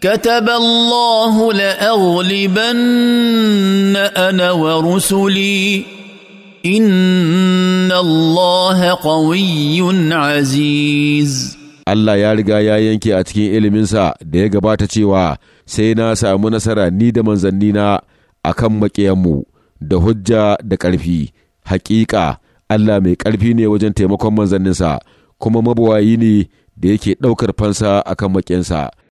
كتب الله لاغلبن انا ورسلي ان الله قوي عزيز Allah ya riga ya yanke a cikin iliminsa da ya gabata cewa sai na samu nasara ni da manzannina a kan maƙiyanmu da hujja da ƙarfi, haƙiƙa Allah mai ƙarfi ne wajen taimakon manzanninsa kuma mabuwayi ne da yake ɗaukar fansa a kan maƙiyansa.